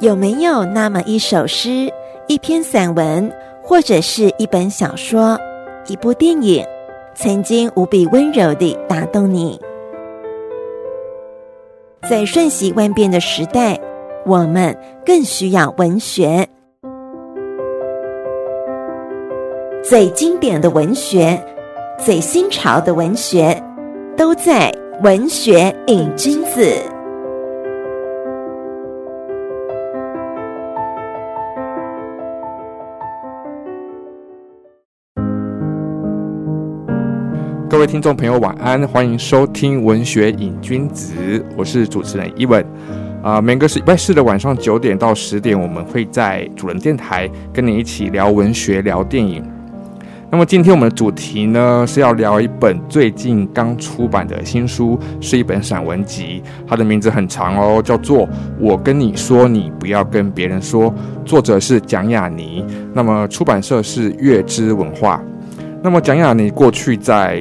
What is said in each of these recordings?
有沒有那麼一首詩、一篇散文，或者是一本小說、一部電影，曾經無比溫柔地打動你？在瞬息萬變的時代，我們更需要文學。最經典的文學，最新潮的文學，都在文學影君子。各位聽眾朋友，晚安！歡迎收聽《文學影君子》，我是主持人 Even。啊、呃，每個是禮拜四的晚上九點到十點，我們會在主人電台跟你一起聊文學、聊電影。那麼今天我們的主題呢，是要聊一本最近剛出版的新書，是一本散文集。它的名字很長哦，叫做《我跟你說你，你不要跟別人說》。作者是蔣亞妮，那麼出版社是悅知文化。那麼蔣亞妮過去在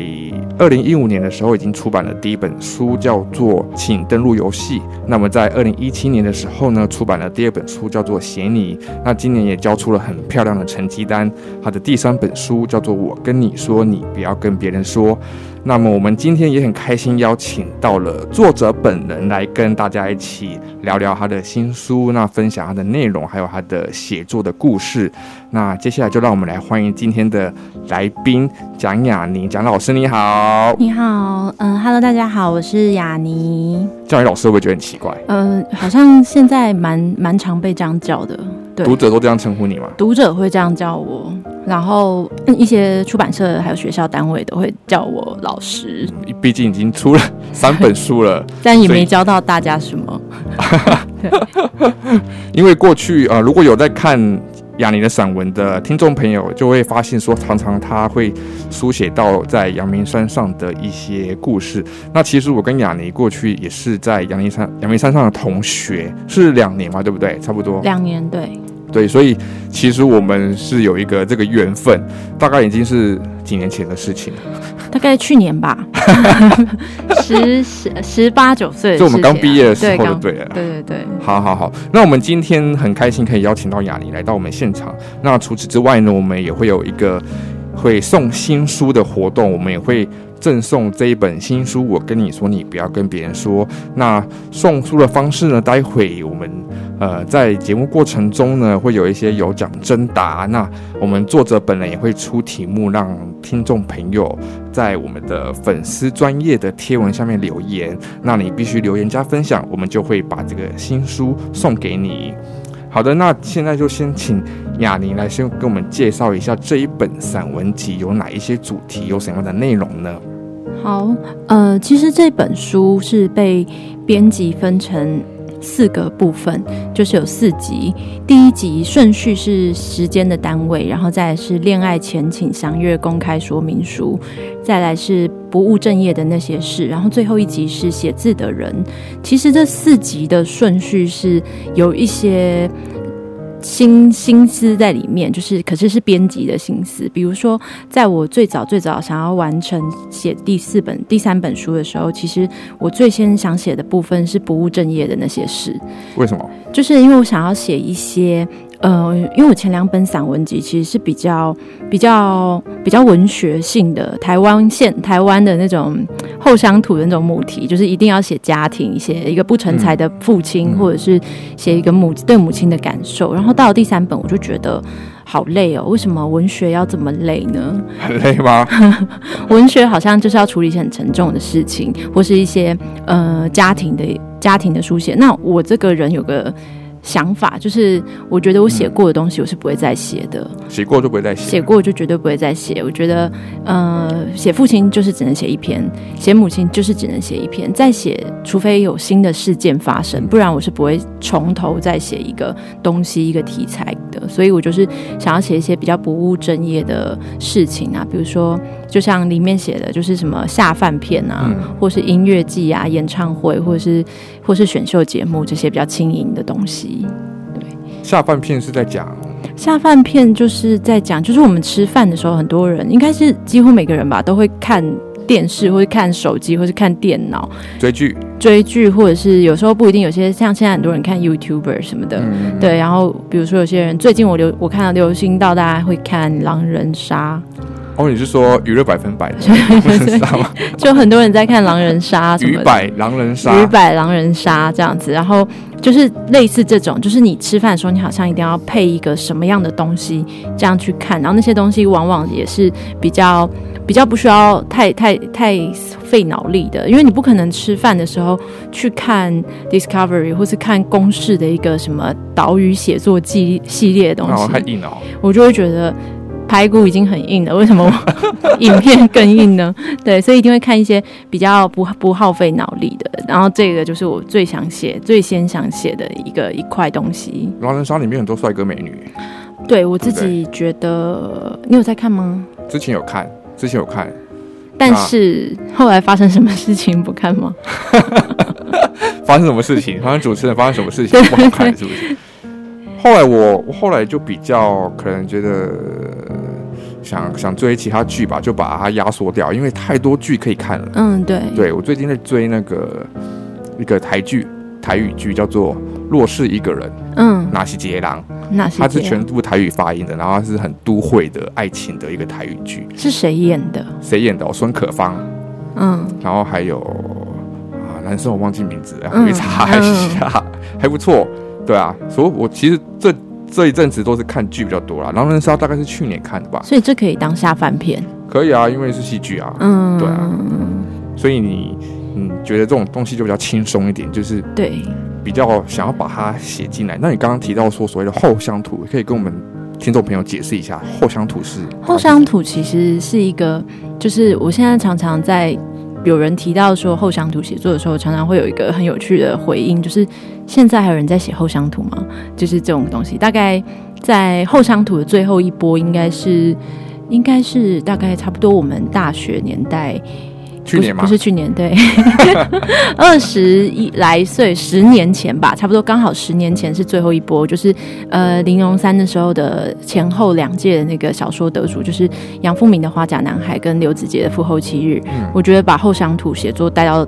二零一五年的時候已經出版了第一本書，叫做《請登入遊戲》。那麼在二零一七年的時候呢，出版了第二本書，叫做《寫你》。那今年也交出了很漂亮的成績單。她的第三本書叫做《我跟你說，你不要跟別人說》。那麼我們今天也很開心邀請到了作者本人來跟大家一起聊聊她的新書，那分享她的內容，還有她的寫作的故事。那接下來就讓我們來歡迎今天的來賓蔣亞妮，蔣老師你好，你好，嗯、呃、，Hello，大家好，我是亞妮，叫你老師會不會覺得很奇怪？嗯、呃，好像現在蠻蠻常被這樣叫的， 讀者都這樣稱呼你嗎？讀者會這樣叫我，然後一些出版社還有學校單位都會叫我老師，畢竟已經出了三本書了，但也沒教到大家什麼，哈 對 因為過去啊、呃，如果有在看。亞妮的散文的聽眾朋友就會發現，說常常他會書寫到在陽明山上的一些故事。那其實我跟亞妮過去也是在陽明山陽明山上的同學，是兩年嘛，對不對？差不多。兩年，對。對，所以其實我們是有一個這個緣分，大概已經是。幾年前的事情，大概去年吧，十十十八九歲、啊，就我們剛畢業的時候，對，對對對對對，好好好。那我們今天很開心可以邀請到亞妮來到我們現場。那除此之外呢，我們也會有一個。會送新書的活動，我們也會贈送這一本新書。我跟你說，你不要跟別人說。那送書的方式呢？待會我們呃，在節目過程中呢，會有一些有獎徵答。那我們作者本人也會出題目，讓聽眾朋友在我們的粉絲專頁的貼文下面留言。那你必須留言加分享，我們就會把這個新書送給你。好的，那現在就先請亞妮來先給我們介紹一下這一本散文集有哪一些主題，有什麼樣的內容呢？好，呃，其實這本書是被編輯分成。四個部分就是有四集，第一集順序是時間的單位，然後再來是戀愛前請詳閱公開說明書，再來是不務正業的那些事，然後最後一集是寫字的人。其實這四集的順序是有一些。心心思在裡面，就是可是是編輯的心思。比如說，在我最早最早想要完成寫第四本、第三本書的時候，其實我最先想寫的部分是不務正業的那些事。為什麼？就是因為我想要寫一些。呃，因為我前兩本散文集其實是比較、比較、比較文學性的，台灣現台灣的那種後鄉土的那種母題，就是一定要寫家庭，寫一個不成才的父親，嗯、或者是寫一個母、嗯、對母親的感受。然後到了第三本，我就覺得好累哦，為什麼文學要這麼累呢？很累嗎？ 文學好像就是要處理一些很沉重的事情，嗯、或是一些呃家庭的、家庭的書寫。那我這個人有個。想法就是，我覺得我寫過的東西，我是不會再寫的。寫過、嗯、就不會再寫，寫過就絕對不會再寫。我覺得，呃，寫父親就是只能寫一篇，寫母親就是只能寫一篇。再寫，除非有新的事件發生，不然我是不會從頭再寫一個東西、一個題材的。所以我就是想要寫一些比較不務正業的事情啊，比如說，就像裡面寫的，就是什麼下飯片啊、嗯，或是音樂季啊、演唱會，或者是。或是選秀節目這些比較輕盈的東西，對。下飯片是在講，下飯片就是在講，就是我們吃飯的時候，很多人應該是幾乎每個人吧，都會看電視或者看手機或是看電腦追劇，追劇或者是有時候不一定，有些像現在很多人看 YouTuber 什麼的，嗯、對。然後比如說有些人最近我流我看到流行到大家會看狼人殺，哦，你是說娛樂百分百的 就很多人在看狼人殺什麼？ 娛百狼人殺，娛百狼人殺這樣子。然後就是類似這種，就是你吃飯的時候，你好像一定要配一個什麼樣的東西這樣去看。然後那些東西往往也是比較比較不需要太太太費腦力的，因為你不可能吃飯的時候去看 Discovery 或是看公視的一個什麼島嶼寫作紀系列的東西。然後太硬我就會覺得。排骨已經很硬了，為什麼我 影片更硬呢？對，所以一定會看一些比較不不耗費腦力的。然後這個就是我最想寫、最先想寫的一個一塊東西。狼人殺裡面很多帥哥美女，對我自己對對覺得，你有在看嗎？之前有看，之前有看，但是、啊、後來發生什麼事情不看嗎？ 發生什麼事情？好像主持人發生什麼事情不好看是不是？後來我我後來就比較可能覺得想想追其他劇吧，就把它壓縮掉，因為太多劇可以看了。嗯，對，對我最近在追那個一個台劇台語劇叫做《若是一個人》，嗯，那西杰郎，他是全部台語發音的，然後他是很都會的愛情的一個台語劇。是誰演的？誰演的，哦？孫可芳，嗯，然後還有啊，男生我忘記名字了，我可以查一下，嗯嗯，還不錯。對啊，所以我其實這這一陣子都是看劇比較多啦，《狼人殺》大概是去年看的吧，所以這可以當下飯片。可以啊，因為是戲劇啊，嗯，對啊，嗯、所以你嗯覺得這種東西就比較輕鬆一點，就是對比較想要把它寫進來。那你剛剛提到說所謂的後鄉土，可以跟我們聽眾朋友解釋一下後鄉土是後鄉土其實是一個，就是我現在常常在。有人提到說，後鄉土寫作的時候，常常會有一個很有趣的回應，就是現在還有人在寫後鄉土嗎？就是這種東西，大概在後鄉土的最後一波，應該是，應該是大概差不多我們大學年代。去年？不是去年，對，二十來歲，十年前吧，差不多剛好十年前是最後一波，就是呃，林榮三的時候的前後兩屆的那個小說得主，就是楊富閔的《花甲男孩》跟劉梓潔的《父後七日》，嗯，我覺得把後鄉土寫作帶到。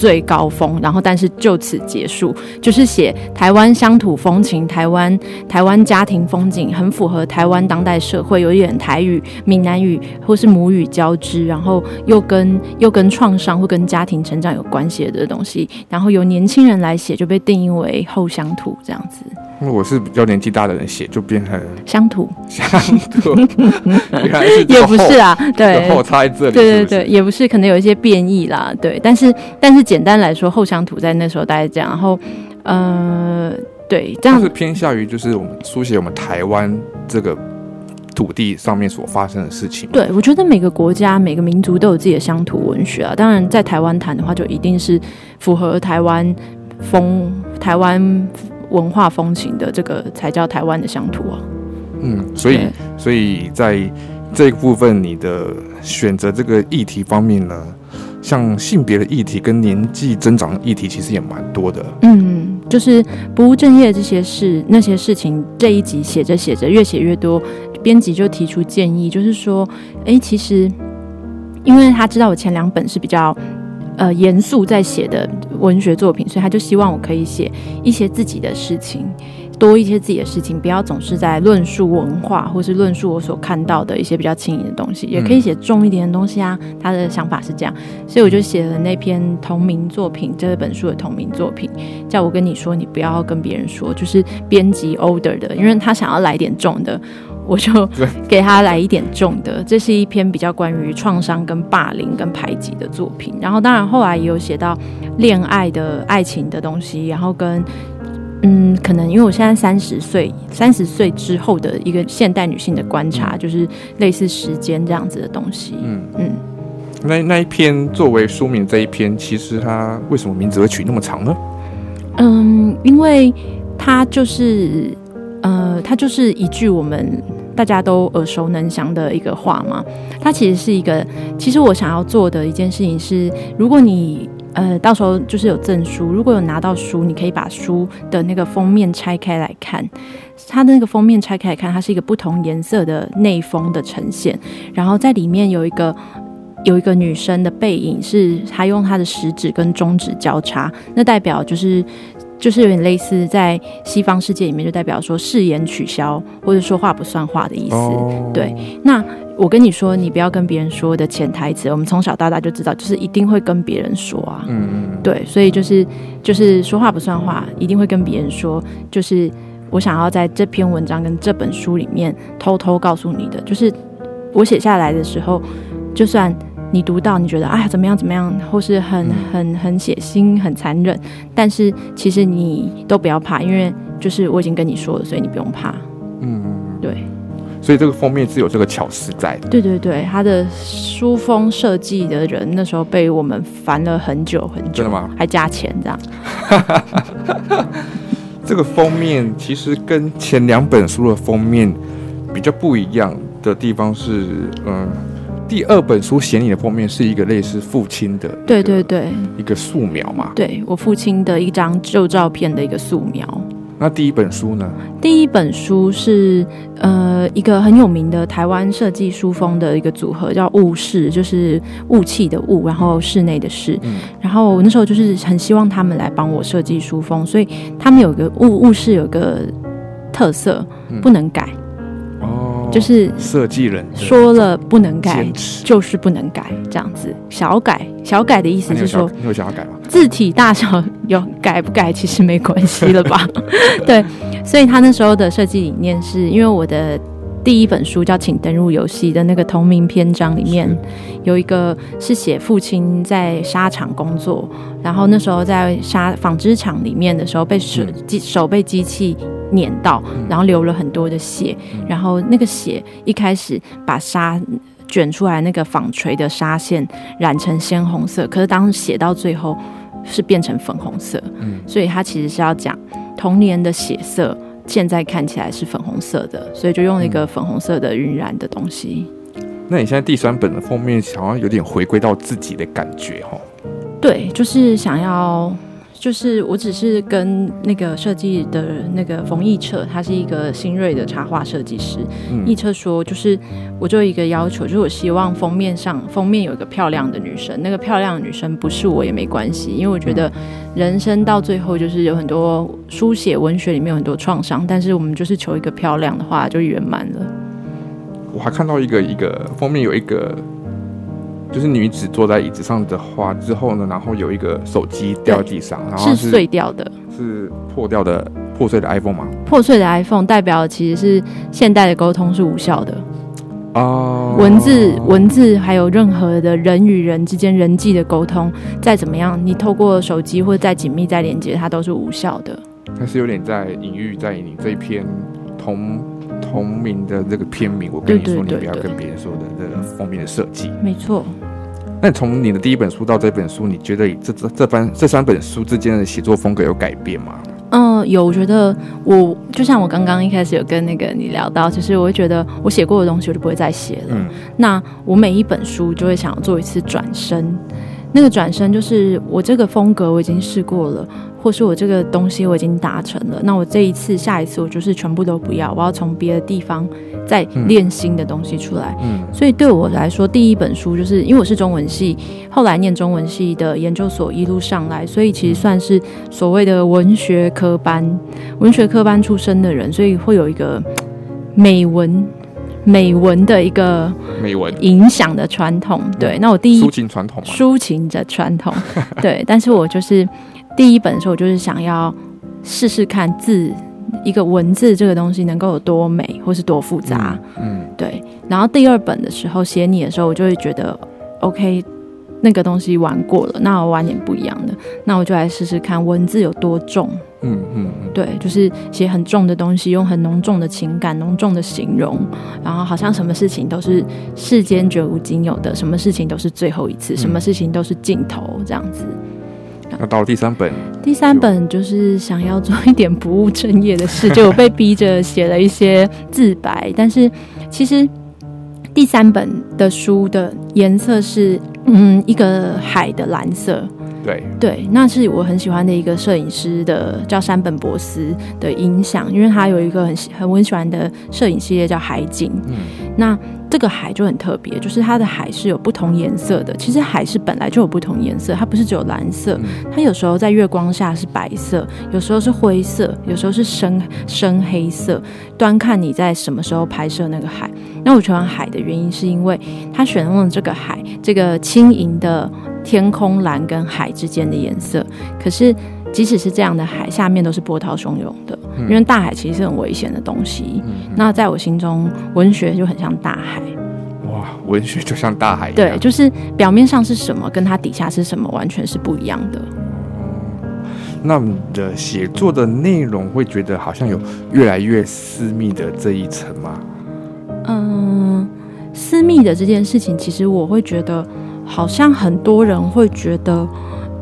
最高峰，然後但是就此結束，就是寫台灣鄉土風情、台灣台灣家庭風景，很符合台灣當代社會，有一點台語、閩南語或是母語交織，然後又跟又跟創傷或跟家庭成長有關係的東西，然後由年輕人來寫，就被定義為後鄉土這樣子。因為我是比較年紀大的人寫，寫就變很鄉土，鄉 土，也不是啊，對，後猜在這裡，對對對，對是是，也不是，可能有一些變異啦，對，但是但是簡單來說，後鄉土在那時候大概這樣，然後呃，對，這樣是偏向於就是我們書寫我們台灣這個土地上面所發生的事情。對，我覺得每個國家每個民族都有自己的鄉土文學啊，當然在台灣談的話，就一定是符合台灣風，台灣。文化風情的這個才叫台灣的鄉土啊！嗯，所以所以在這一部分你的選擇這個議題方面呢，像性別的議題跟年紀增長的議題，其實也蠻多的。嗯，就是不務正業的這些事那些事情，這一集寫着寫着越寫越多，編輯就提出建議，就是說，哎、欸，其實因為他知道我前兩本是比較。呃，嚴肅在寫的文學作品，所以他就希望我可以寫一些自己的事情，多一些自己的事情，不要總是在論述文化或是論述我所看到的一些比較輕盈的東西，嗯、也可以寫重一點的東西啊。他的想法是這樣，所以我就寫了那篇同名作品，這是本書的同名作品，叫我跟你說，你不要跟別人說，就是編輯 order 的，因為他想要來點重的。我就給他來一點重的，這是一篇比較關於創傷、跟霸凌、跟排擠的作品。然後當然後來也有寫到戀愛的愛情的東西，然後跟嗯，可能因為我現在三十歲，三十歲之後的一個現代女性的觀察，就是類似時間這樣子的東西。嗯嗯。那那一篇作為書名，這一篇其實它為什麼名字會取那麼長呢？嗯，因為它就是呃，它就是一句我們。大家都耳熟能詳的一個話嘛，它其實是一個。其實我想要做的一件事情是，如果你呃到時候就是有贈書，如果有拿到書，你可以把書的那個封面拆開來看，它的那個封面拆開來看，它是一個不同顏色的內封的呈現，然後在裡面有一個有一個女生的背影，是她用她的食指跟中指交叉，那代表就是。就是有點類似在西方世界裡面，就代表說誓言取消或者說話不算話的意思。對，那我跟你說，你不要跟別人說的潛台詞，我們從小到大就知道，就是一定會跟別人說啊。嗯對，所以就是就是說話不算話，一定會跟別人說。就是我想要在這篇文章跟這本書裡面偷偷告訴你的，就是我寫下來的時候，就算。你讀到你覺得呀、哎，怎麼樣怎麼樣，或是很很、嗯、很血腥、很殘忍，但是其實你都不要怕，因為就是我已經跟你說了，所以你不用怕。嗯，對。所以這個封面是有這個巧思在的。對對對，他的書封設計的人那時候被我們煩了很久很久。真的嗎？還加錢這樣。 這個封面其實跟前兩本書的封面比較不一樣的地方是，嗯。第二本書寫你的封面是一個類似父親的，對對對，一個素描嘛。對，我父親的一張舊照片的一個素描。那第一本書呢？第一本書是呃一個很有名的台灣設計書封的一個組合，叫霧室，就是霧氣的霧，然後室內的室。嗯、然後我那時候就是很希望他們來幫我設計書封，所以他們有個霧霧室有個特色，不能改。嗯哦、oh，就是設計人說了不能改，就不能改，就是不能改這樣子。小改，小改的意思是說、啊，你有想要改嗎？字體大小有改不改，其實沒關係了吧？ 對，所以他那時候的設計理念是，因為我的。第一本書叫《請登入遊戲》的那個同名篇章裡面，有一個是寫父親在紗廠工作，然後那時候在紗紡織廠裡面的時候，被手機手被機器碾到，然後流了很多的血，然後那個血一開始把紗捲出來那個紡錘的紗線染成鮮紅色，可是當寫到最後是變成粉紅色，嗯，所以他其實是要講童年的血色。現在看起來是粉紅色的，所以就用了一個粉紅色的暈染的東西、嗯。那你現在第三本的封面，好像有點回歸到自己的感覺哦。對，就是想要。就是，我只是跟那個設計的那個馮奕徹，他是一個新銳的插畫設計師。奕、嗯、徹說，就是我就有一個要求，就是我希望封面上封面有一個漂亮的女生。那個漂亮的女生不是我也沒關係，因為我覺得人生到最後就是有很多書寫文學裡面有很多創傷，但是我們就是求一個漂亮的話就圓滿了。我還看到一個一個封面有一個。就是女子坐在椅子上的話之後呢，然後有一個手機掉在地上，然後是，是碎掉的，是破掉的、破碎的 iPhone 嗎？破碎的 iPhone 代表的其實是現代的溝通是無效的、uh... 文字、文字還有任何的人與人之間人際的溝通，再怎麼樣，你透過手機或再緊密、再連接，它都是無效的。它是有點在隱喻在你這篇同同名的這個篇名，我跟你說，你不要跟別人說的這個封面的設計。嗯，沒錯。那從你的第一本書到這本書，你覺得這這這番這三本書之間的寫作風格有改變嗎？嗯、呃，有。我覺得我就像我剛剛一開始有跟那個你聊到，其實我會覺得我寫過的東西我就不會再寫了。嗯、那我每一本書就會想要做一次轉身，那個轉身就是我這個風格我已經試過了。或是我這個東西我已經達成了，那我這一次、下一次我就是全部都不要，我要從別的地方再練新的東西出來嗯。嗯，所以對我來說，第一本書就是因為我是中文系，後來念中文系的研究所一路上來，所以其實算是所謂的文學科班、文學科班出身的人，所以會有一個美文、美文的一個的美文影響的傳統。對，那我第一抒情傳統，抒情的傳統。對， 但是我就是。第一本的時候，我就是想要試試看字一個文字這個東西能夠有多美，或是多複雜。嗯，嗯，對。然後第二本的時候寫你的時候，我就會覺得 OK，那個東西玩過了，那我玩點不一樣的，那我就來試試看文字有多重。嗯嗯，嗯，對，就是寫很重的東西，用很濃重的情感、濃重的形容，然後好像什麼事情都是世間絕無僅有的，什麼事情都是最後一次，嗯、什麼事情都是盡頭這樣子。那到了第三本，第三本就是想要做一點不務正業的事，就 我被逼着寫了一些自白。但是其實第三本的書的顏色是，嗯，一個海的藍色。對，對，那是我很喜歡的一個攝影師的，叫山本博司的影響，因為他有一個很很我很喜歡的攝影系列叫海景。嗯，那。這個海就很特別，就是它的海是有不同顏色的。其實海是本來就有不同顏色，它不是只有藍色，它有時候在月光下是白色，有時候是灰色，有時候是深深黑色，端看你在什麼時候拍攝那個海。那我喜歡海的原因是因為它選用了這個海，這個輕盈的天空藍跟海之間的顏色，可是。即使是這樣的海，下面都是波濤洶湧的。因為大海其實是很危險的東西，嗯。那在我心中，文學就很像大海。哇，文學就像大海一樣。對，就是表面上是什麼，跟它底下是什麼，完全是不一樣的。那你的寫作的內容，會覺得好像有越來越私密的這一層嗎？嗯、呃，私密的這件事情，其實我會覺得，好像很多人會覺得。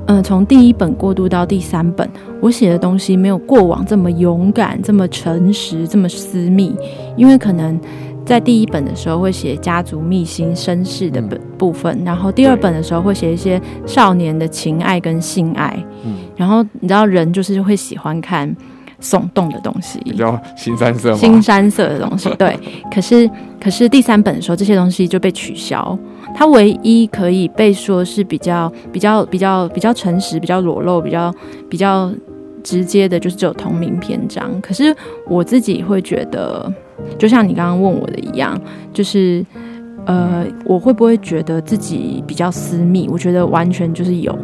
嗯，從第一本過渡到第三本，我寫的東西沒有過往這麼勇敢、這麼誠實、這麼私密，因為可能在第一本的時候會寫家族秘辛、身世的部部分，嗯，然後第二本的時候會寫一些少年的情愛跟性愛，嗯，然後你知道人就是會喜歡看。聳動的東西，比較“腥羶色”嗎？腥羶色的東西，對。 可是，可是第三本的時候，這些東西就被取消。它唯一可以被說是比較、比較、比較、比較誠實、比較裸露、比較、比較直接的，就是只有同名篇章。可是我自己會覺得，就像你剛剛問我的一樣，就是呃，我會不會覺得自己比較私密？我覺得完全就是有。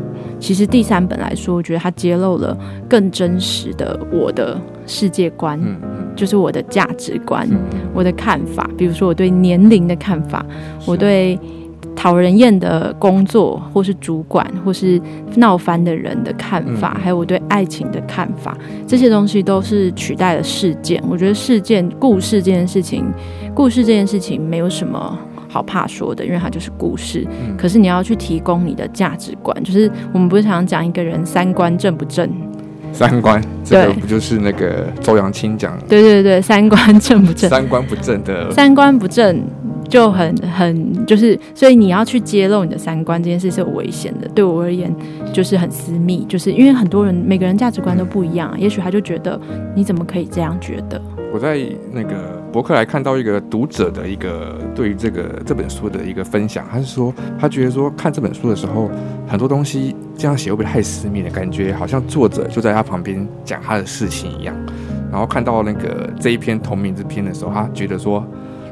其實第三本來說，我覺得它揭露了更真實的我的世界觀，嗯嗯、就是我的價值觀、我的看法。比如說，我對年齡的看法，我對討人厭的工作，或是主管，或是鬧翻的人的看法、嗯，還有我對愛情的看法，這些東西都是取代了事件。我覺得事件、故事這件事情，故事這件事情沒有什麼。好怕說的，因為它就是故事。嗯、可是你要去提供你的價值觀，就是我們不是常常講一個人三觀正不正？三觀，這個不就是那個周揚青講？對對對，三觀正不正？三觀不正的，三觀不正就很很就是，所以你要去揭露你的三觀這件事是有危險的。對我而言，就是很私密，就是因為很多人每個人價值觀都不一樣、啊嗯，也許他就覺得你怎麼可以這樣覺得？我在那個博客來看到一個讀者的一個對於這個這本書的一個分享，他是說他覺得說看這本書的時候，很多東西這樣寫會不會太私密了？感覺好像作者就在他旁邊講他的事情一樣。然後看到那個這一篇同名之篇的時候，他覺得說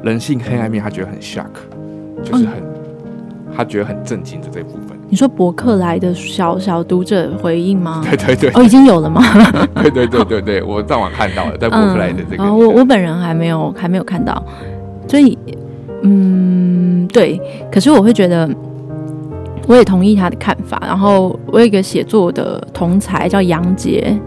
人性黑暗面，他覺得很 shock，就是很他覺得很震驚的這部分。你說博客來的小小讀者回應嗎對對對，哦，已經有了嗎？ 對，對對對對對，我當晚看到了，在博客來的這個，嗯、我我本人還沒有還沒有看到，所以嗯，對，可是我會覺得，我也同意他的看法。然後我有一個寫作的同才叫楊杰。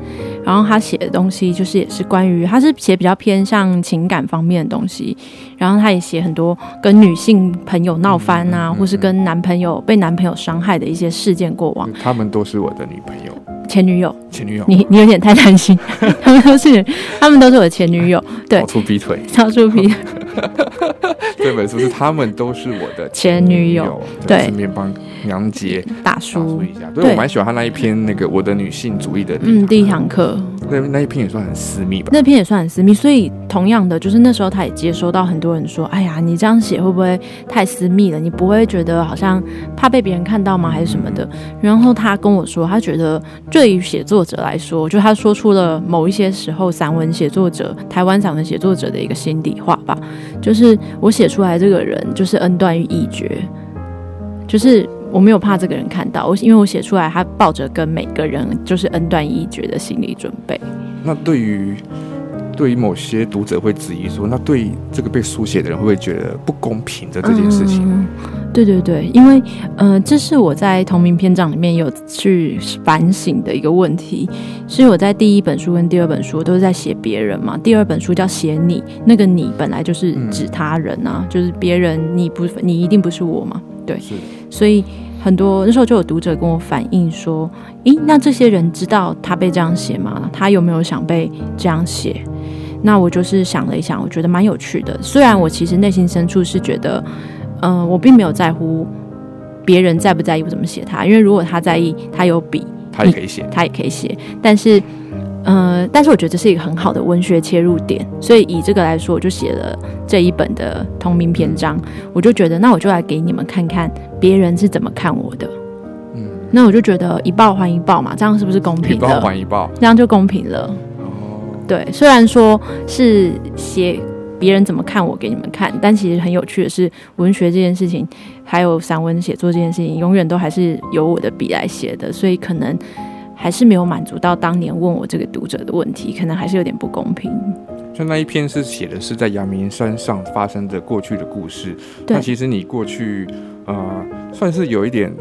然後他寫的東西就是也是關於，他是寫比較偏向情感方面的東西。然後他也寫很多跟女性朋友鬧翻啊，或是跟男朋友、被男朋友傷害的一些事件過往。他們都是我的女朋友、前女友、前女友。你你有點太擔心，他們都是，他們都是我的前女友。對，超豬皮腿，超豬皮腿。這本書是，是他們都是我的前女友，女友對，順便幫楊杰大叔一下，所以我蠻喜歡他那一篇那個我的女性主義的嗯第一堂課，那那一篇也算很私密吧，那篇也算很私密，所以同樣的，就是那時候他也接收到很多人說，哎呀，你這樣寫會不會太私密了？你不會覺得好像怕被別人看到嗎？還是什麼的？嗯，然後他跟我說，他覺得對於寫作者來說，就他說出了某一些時候散文寫作者，台灣散文寫作者的一個心底話吧，就是我寫出。出來這個人就是恩斷義絕，就是我沒有怕這個人看到我，因為我寫出來他抱着跟每個人就是恩斷義絕的心理準備。那對於。對於某些讀者會質疑說，那對這個被書寫的人會不會覺得不公平的這件事情？嗯，對對對，因為，呃，這是我在同名篇章裡面有去反省的一個問題。是我在第一本書跟第二本書都是在寫別人嘛，第二本書叫寫你，那個你本來就是指他人啊，嗯，就是別人，你不，你一定不是我嘛，對，是所以。很多那時候就有讀者跟我反映說：“欸，那這些人知道他被這樣寫嗎？他有沒有想被這樣寫？”那我就是想了一想，我覺得蠻有趣的。雖然我其實內心深處是覺得，嗯，我並沒有在乎別人在不在意我怎麼寫他，因為如果他在意，他有筆，他也可以寫，他也可以寫。但是。嗯、呃，但是我覺得這是一個很好的文學切入點，所以以這個來說，我就寫了這一本的同名篇章、嗯。我就覺得，那我就來給你們看看別人是怎麼看我的。嗯，那我就覺得一報還一報嘛，這樣是不是公平了？一報還一報，這樣就公平了。哦，對，雖然說是寫別人怎麼看我給你們看，但其實很有趣的是，文學這件事情，還有散文寫作這件事情，永遠都還是由我的筆來寫的，所以可能。還是沒有滿足到當年問我這個讀者的問題，可能還是有點不公平。就那一篇是寫的是在陽明山上發生的過去的故事。對。那其實你過去啊、呃，算是有一點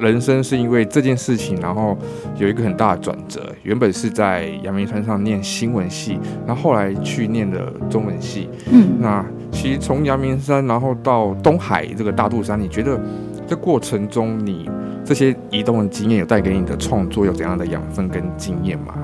人生是因為這件事情，然後有一個很大的轉折。原本是在陽明山上念新聞系，然後後來去念了中文系。嗯，那其實從陽明山，然後到東海這個大肚山，你覺得？這過程中，你這些移動的經驗有帶給你的創作有怎樣的養分跟經驗嗎？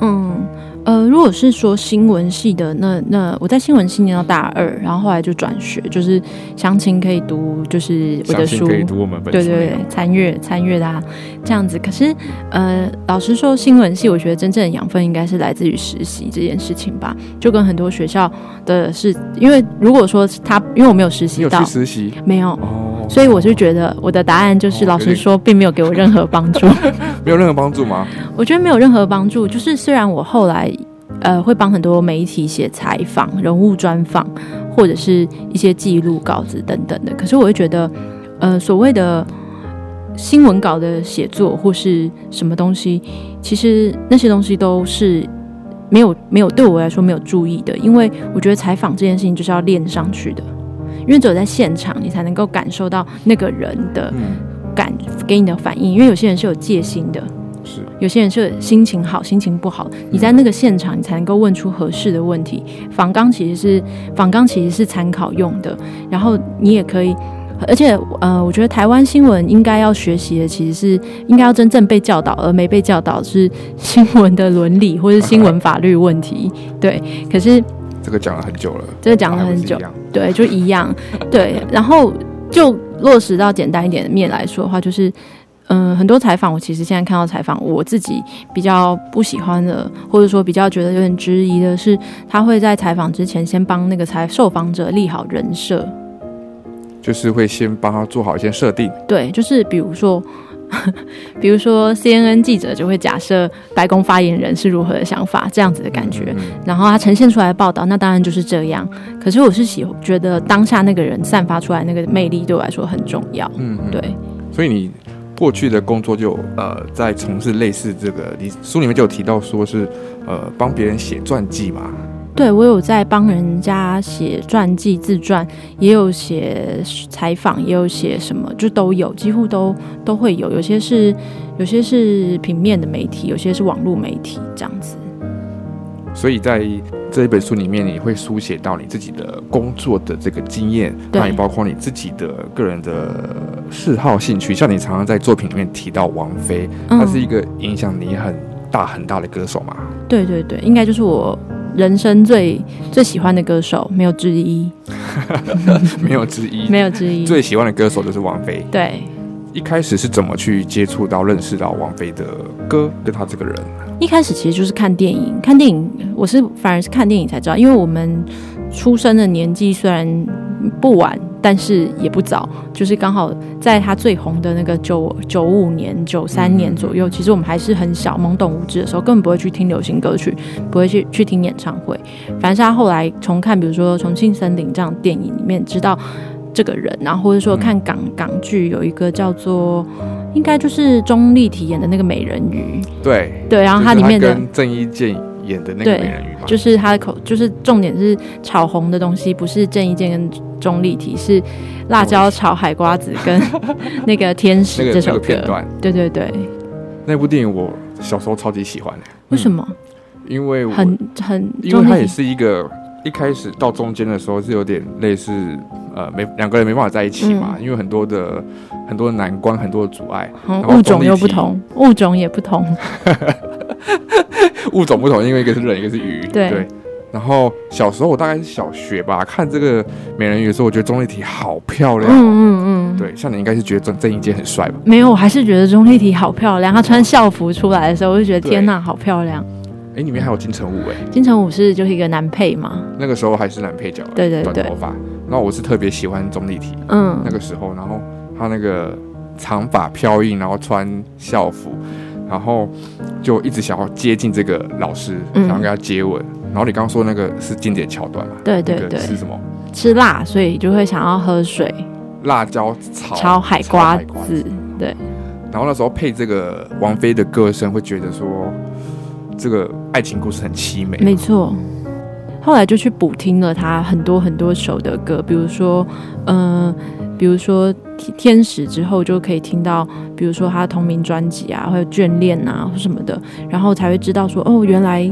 嗯。嗯呃，如果是說新聞系的，那那我在新聞系念到大二，然後後來就轉學，就是詳情可以讀，就是我的書可以讀我們本對對對，參閱參閱啦。這樣子。可是呃，老實說，新聞系我覺得真正的養分應該是來自於實習這件事情吧。就跟很多學校的是，是因為如果說他因為我沒有實習到實習沒有，oh, 所以我就覺得我的答案就是老實說，並沒有給我任何幫助， 沒有任何幫助嗎？我覺得沒有任何幫助，就是雖然我後來。呃，會幫很多媒體寫採訪、人物專訪，或者是一些記錄稿子，等等的。可是，我會覺得，呃，所謂的新聞稿的寫作或是什麼東西，其實那些東西都是沒有沒有，對我來說沒有注意的，因為我覺得採訪這件事情就是要練上去的，因為只有在現場，你才能夠感受到那個人的感給你的反應，因為有些人是有戒心的。有些人是心情好，心情不好，嗯，你在那個現場，你才能夠問出合適的問題。訪綱其實是訪綱，其實是參考用的。然後你也可以，而且呃，我覺得台灣新聞應該要學習的，其實是應該要真正被教導，而沒被教導是新聞的倫理或是新聞法律問題。 對，可是這個講了很久了，這個講了很久，對，就一樣， 對。然後就落實到簡單一點的面來說的話，就是。嗯，很多採訪，我其實現在看到採訪，我自己比較不喜歡的，或者說比較覺得有點質疑的是，他會在採訪之前先幫那個採訪受訪者立好人設，就是會先幫他做好一些設定。對，就是比如說，呵呵，比如說 CNN 記者就會假設白宮發言人是如何的想法，這樣子的感覺，嗯嗯，然後他呈現出來的報道，那當然就是這樣。可是我是喜覺得當下那個人散發出來那個魅力對我來說很重要。嗯嗯，對。所以你。過去的工作就呃在從事類似這個，你書裡面就有提到說是呃幫別人寫傳記吧？對，我有在幫人家寫傳記、自傳，也有寫採訪，也有寫什麼，就都有，幾乎都都會有。有些是有些是平面的媒體，有些是網絡媒體，這樣子。所以在這一本書裡面，你會書寫到你自己的工作的這個經驗，那也包括你自己的個人的嗜好、興趣。像你常常在作品裡面提到王菲，她、嗯、是一個影響你很大很大的歌手嘛？對對對，應該就是我人生最最喜歡的歌手，沒有之一， 沒有之一，沒有之一，最喜歡的歌手就是王菲。對，一開始是怎麼去接觸到、認識到王菲的歌，跟她這個人？一開始其實就是看電影，看電影，我是反而是看電影才知道，因為我們出生的年紀雖然不晚，但是也不早，就是剛好在他最紅的那個九九五年、九三年左右，其實我們還是很小、懵懂無知的時候，根本不會去聽流行歌曲，不會去去聽演唱會。反而是他後來從看，比如說《重慶森林》這樣電影裡面，知道。這個人、啊，然後或者說看港、嗯、港劇，有一個叫做，應該就是鍾麗緹演的那個美人魚。對對，然後它裡面的鄭伊健演的那個美人魚嘛，就是他的口，就是重點是炒紅的東西，不是鄭伊健跟鍾麗緹，是辣椒炒海瓜子跟那個天使這首歌、 那個那個片段。對對對，那部電影我小時候超級喜歡的。為什麼？嗯、因為我很很，因為它也是一個。一開始到中間的時候是有點類似，呃，沒兩個人沒辦法在一起嘛，嗯、因為很多的很多的難關，很多的阻礙。嗯、物種又不同，物種也不同。 物種不同，因為一個是人，一個是魚。對。對。然後小時候我大概是小學吧，看這個美人魚的時候，我覺得鍾麗緹好漂亮。嗯嗯嗯。對，像你應該是覺得鄭鄭伊健很帥吧？沒有，我還是覺得鍾麗緹好漂亮。她穿校服出來的時候，我就覺得天哪，好漂亮。欸、裡面還有金城武哎、欸，金城武是就是一個男配嘛，那個時候還是男配角，欸。對對對，短頭髮。然後我是特別喜歡鍾麗緹，嗯，那個時候，然後他那個長髮飄逸，然後穿校服，然後就一直想要接近這個老師，然、嗯、後跟他接吻。然後你剛剛說那個是經典橋段嘛？對對對，吃、那個、是什麼？吃辣，所以就會想要喝水。辣椒炒炒海、炒海瓜子，對。然後那時候配這個王菲的歌聲，會覺得說這個。愛情故事很淒美，沒錯。後來就去補聽了他很多很多首的歌，比如說，嗯、呃，比如說《天使》之後，就可以聽到，比如說他的同名專輯啊，或者《眷戀》啊，什麼的，然後才會知道說，哦，原來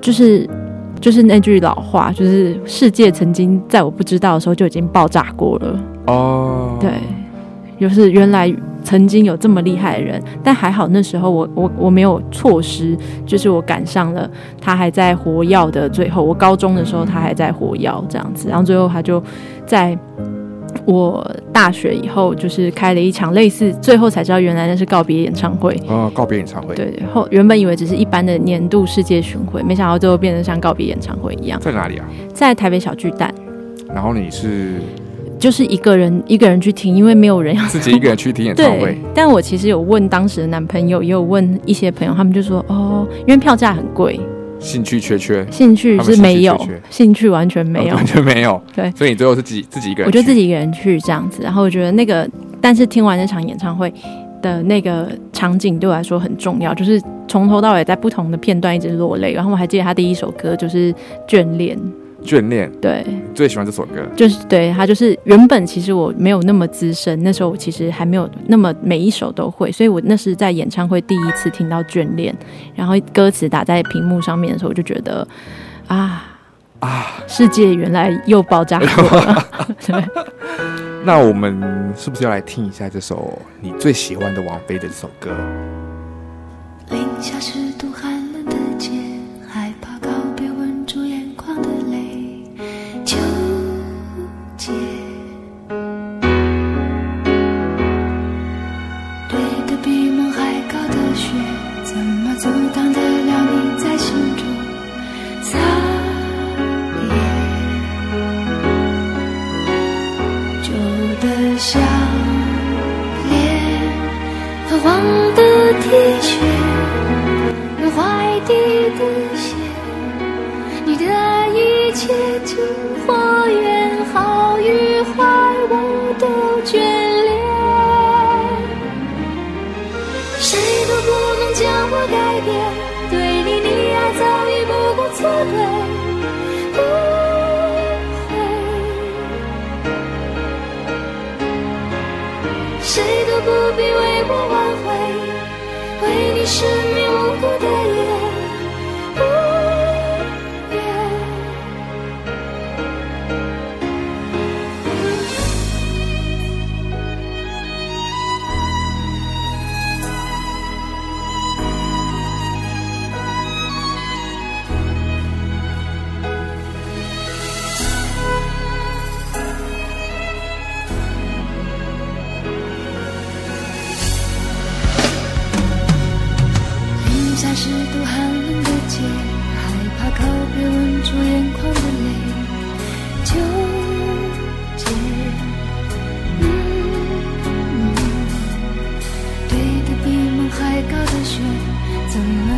就是就是那句老話，就是世界曾經在我不知道的時候就已經爆炸過了。哦，對，就是原來。曾經有這麼厲害的人，但還好那時候我我我沒有錯失，就是我趕上了他還在活躍的最後。我高中的時候他還在活躍這樣子，嗯、然後最後他就在我大學以後，就是開了一場類似，最後才知道原來那是告別演唱會啊、嗯嗯，告別演唱會。對，後原本以為只是一般的年度世界巡回，沒想到最後變得像告別演唱會一樣。在哪裡啊？在台北小巨蛋。然後你是？就是一個人一個人去聽，因為沒有人要自己一個人去聽演唱會。但我其實有問當時的男朋友，也有問一些朋友，他們就說：“哦，因為票價很貴，興趣缺缺，興趣是沒有，興趣缺缺，興趣完全沒有，完、哦、全沒有。”對，所以你最後是自己自己一個人去。我就自己一個人去這樣子。然後我覺得那個，但是聽完那場演唱會的那個場景對我來說很重要，就是從頭到尾在不同的片段一直落淚。然後我還記得他第一首歌就是《眷戀》。眷戀，對，最喜歡這首歌，就是對他，就是原本其實我沒有那麼資深，那時候我其實還沒有那麼每一首都會，所以我那是在演唱會第一次聽到《眷戀》，然後歌詞打在屏幕上面的時候，我就覺得啊啊，世界原來又爆炸過了。 對 那我們是不是要來聽一下這首你最喜歡的王菲的這首歌？《零下十度寒冷的街》。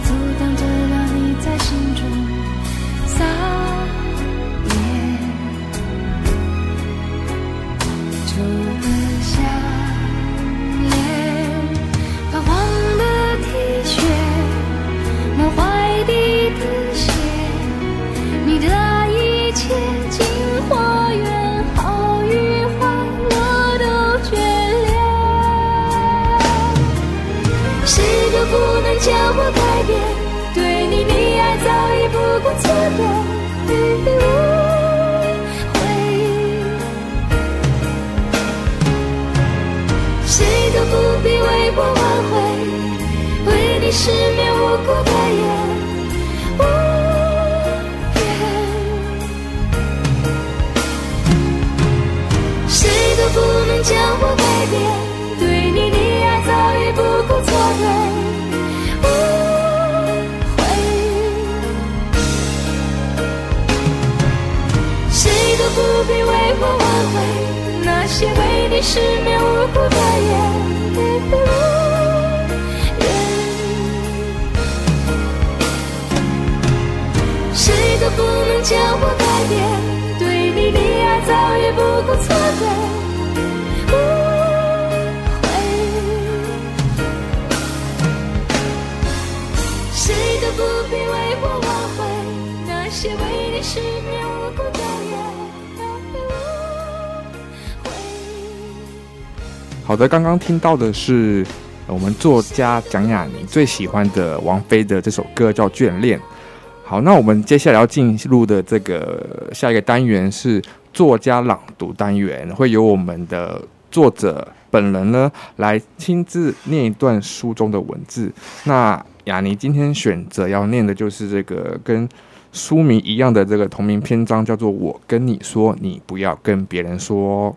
阻擋。剛剛聽到的是我們作家蔣亞妮最喜歡的王菲的這首歌，叫《眷戀》。好，那我們接下來要進入的這個下一個單元是作家朗讀單元，會由我們的作者本人呢來親自念一段書中的文字。那亞妮今天選擇要念的就是這個跟書名一樣的這個同名篇章，叫做《我跟你說，你不要跟別人說》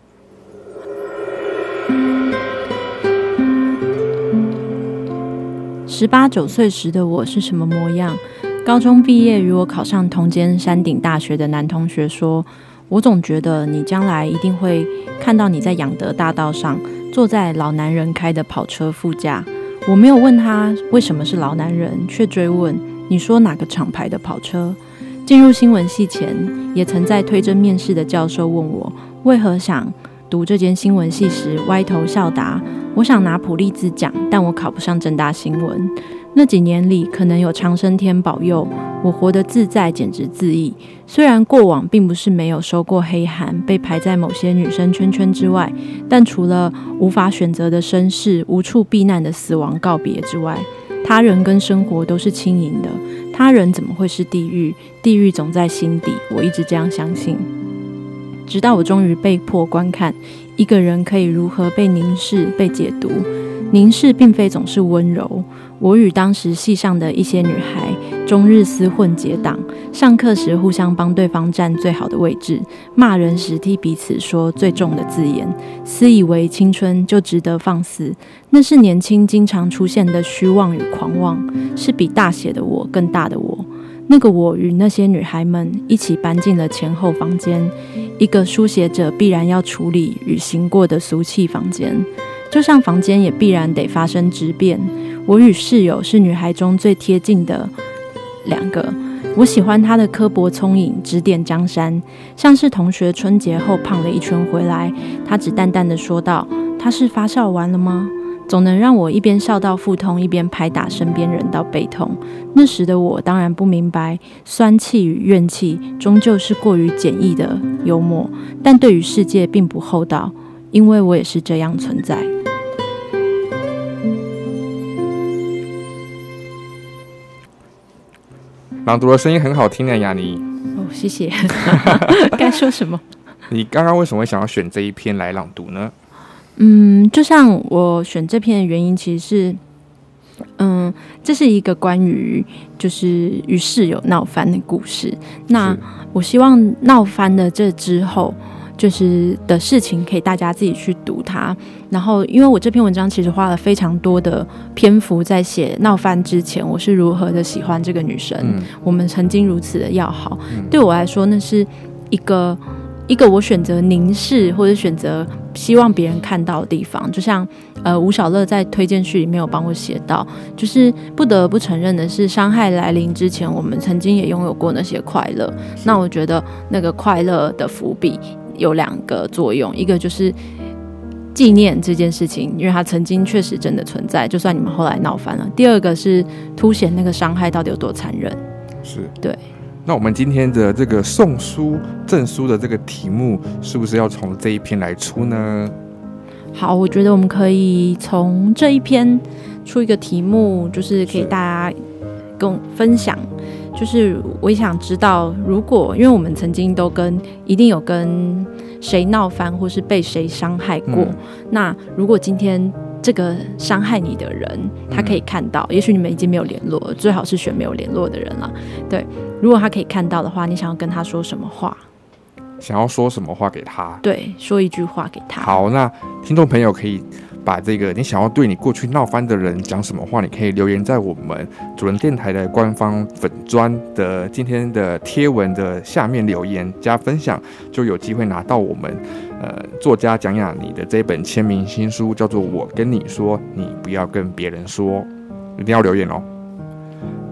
嗯。十八九歲時的我是什麼模樣？高中畢業，與我考上同間山頂大學的男同學說：“我總覺得你將來一定會看到你在仰德大道上坐在老男人開的跑車副駕。”我沒有問他為什麼是老男人，卻追問，你說哪個廠牌的跑車？進入新聞系前，也曾在推甄面試的教授問我為何想讀這間新聞系時，歪頭笑答：“我想拿普利茲獎，但我考不上政大新聞。那幾年裡，可能有長生天保佑，我活得自在，簡直自溢。雖然過往並不是沒有收過黑函，被排在某些女生圈圈之外，但除了無法選擇的身世，無處避難的死亡告別之外，他人跟生活都是輕盈的。他人怎麼會是地獄？地獄總在心底，我一直這樣相信。”直到我終於被迫觀看一個人可以如何被凝視、被解讀。凝視並非總是溫柔。我與當時系上的一些女孩終日廝混結黨，上課時互相幫對方佔最好的位置，罵人時替彼此說最重的字眼，私以為青春就值得放肆。那是年輕經常出現的虛妄與狂妄，是比大寫的我更大的我。那個我與那些女孩們一起搬進了前後房間。一個書寫者必然要處理旅行過的俗氣房間，就像房間也必然得發生質變。我與室友是女孩中最貼近的兩個，我喜歡她的刻薄聰穎，指點江山。像是同學春節後胖了一圈回來，她只淡淡的說道：“他是發酵完了嗎？”總能讓我一邊笑到腹痛，一邊拍打身邊人到背痛。那時的我當然不明白，酸氣與怨氣終究是過於簡易的幽默，但對於世界並不厚道，因為我也是這樣存在。朗讀的聲音很好聽啊，亞妮。哦，謝謝。該 說什麼？ 你剛剛為什麼會想要選這一篇來朗讀呢？嗯，就像我選這篇的原因，其實是，嗯，這是一個關於就是與室友鬧翻的故事。那我希望鬧翻的這之後，就是的事情，可以大家自己去讀它。然後，因為我這篇文章其實花了非常多的篇幅在寫鬧翻之前，我是如何的喜歡這個女生，嗯，我們曾經如此的要好。嗯，對我來說，那是一個。一個我選擇凝視或者選擇希望別人看到的地方，就像呃吳曉樂在推薦序裡面有幫我寫到，就是不得不承認的是，傷害來臨之前，我們曾經也擁有過那些快樂。那我覺得那個快樂的伏筆有兩個作用，一個就是紀念這件事情，因為它曾經確實真的存在，就算你們後來鬧翻了；第二個是凸顯那個傷害到底有多殘忍。是對。那我們今天的這個送書贈書的這個題目，是不是要從這一篇來出呢？好，我覺得我們可以從這一篇出一個題目，就是給大家跟我分享。就是我也想知道，如果因為我們曾經都跟一定有跟誰鬧翻，或是被誰傷害過、嗯，那如果今天。這個傷害你的人，他可以看到。嗯、也許你們已經沒有聯絡，最好是選沒有聯絡的人了。對，如果他可以看到的話，你想要跟他說什麼話？想要說什麼話給他？對，說一句話給他。好，那聽眾朋友可以把這個你想要對你過去鬧翻的人講什麼話，你可以留言在我們主人電台的官方粉專的今天的貼文的下面留言加分享，就有機會拿到我們。呃，作家蔣亞妮的這本簽名新書叫做《我跟你說你不要跟別人說》，一定要留言哦。